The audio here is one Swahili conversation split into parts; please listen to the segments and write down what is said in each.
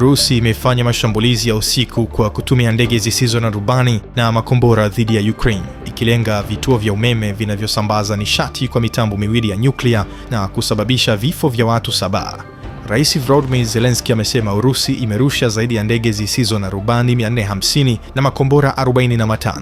Urusi imefanya mashambulizi ya usiku kwa kutumia ndege zisizo na rubani na makombora dhidi ya Ukraine, ikilenga vituo vya umeme vinavyosambaza nishati kwa mitambo miwili ya nyuklia na kusababisha vifo vya watu saba. Rais Volodymyr Zelensky amesema Urusi imerusha zaidi ya ndege zisizo na rubani 450 na makombora 45.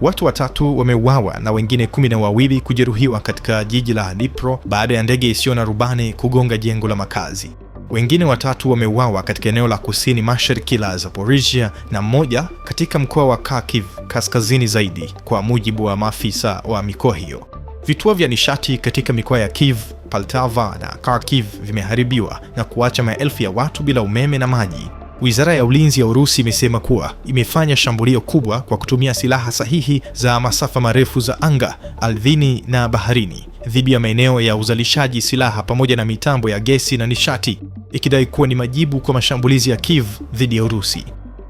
Watu watatu wameuawa na wengine kumi na wawili kujeruhiwa katika jiji la Dnipro baada ya ndege isiyo na rubani kugonga jengo la makazi. Wengine watatu wameuawa katika eneo la kusini mashariki la Zaporizhia na mmoja katika mkoa wa Kharkiv kaskazini zaidi, kwa mujibu wa maafisa wa mikoa hiyo. Vituo vya nishati katika mikoa ya Kiev, Poltava na Kharkiv vimeharibiwa na kuacha maelfu ya watu bila umeme na maji. Wizara ya Ulinzi ya Urusi imesema kuwa imefanya shambulio kubwa kwa kutumia silaha sahihi za masafa marefu za anga, ardhini na baharini dhidi ya maeneo ya uzalishaji silaha pamoja na mitambo ya gesi na nishati, ikidai kuwa ni majibu kwa mashambulizi ya Kiev dhidi ya Urusi.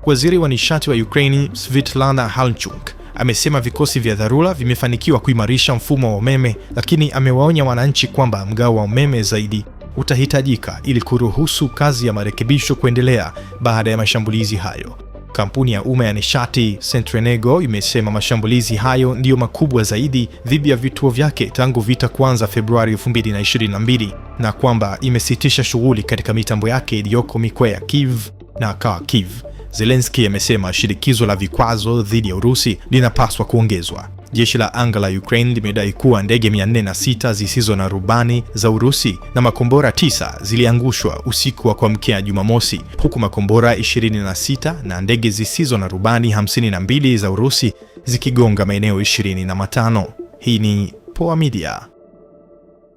Waziri wa nishati wa Ukraini Svitlana Halchuk amesema vikosi vya dharura vimefanikiwa kuimarisha mfumo wa umeme, lakini amewaonya wananchi kwamba mgao wa umeme zaidi utahitajika ili kuruhusu kazi ya marekebisho kuendelea baada ya mashambulizi hayo. Kampuni ya umma ya nishati Centrenego imesema mashambulizi hayo ndiyo makubwa zaidi dhidi ya vituo vyake tangu vita kuanza Februari 2022 na kwamba imesitisha shughuli katika mitambo yake iliyoko mikoa ya Kiev na Kharkiv. Zelensky amesema shirikizo la vikwazo dhidi ya Urusi linapaswa kuongezwa. Jeshi la anga la Ukraine limedai kuwa ndege 406 zisizo na rubani za Urusi na makombora tisa ziliangushwa usiku wa kuamkia Jumamosi, huku makombora 26 na ndege zisizo na rubani 52 za Urusi zikigonga maeneo 25. Hii ni Poa Media.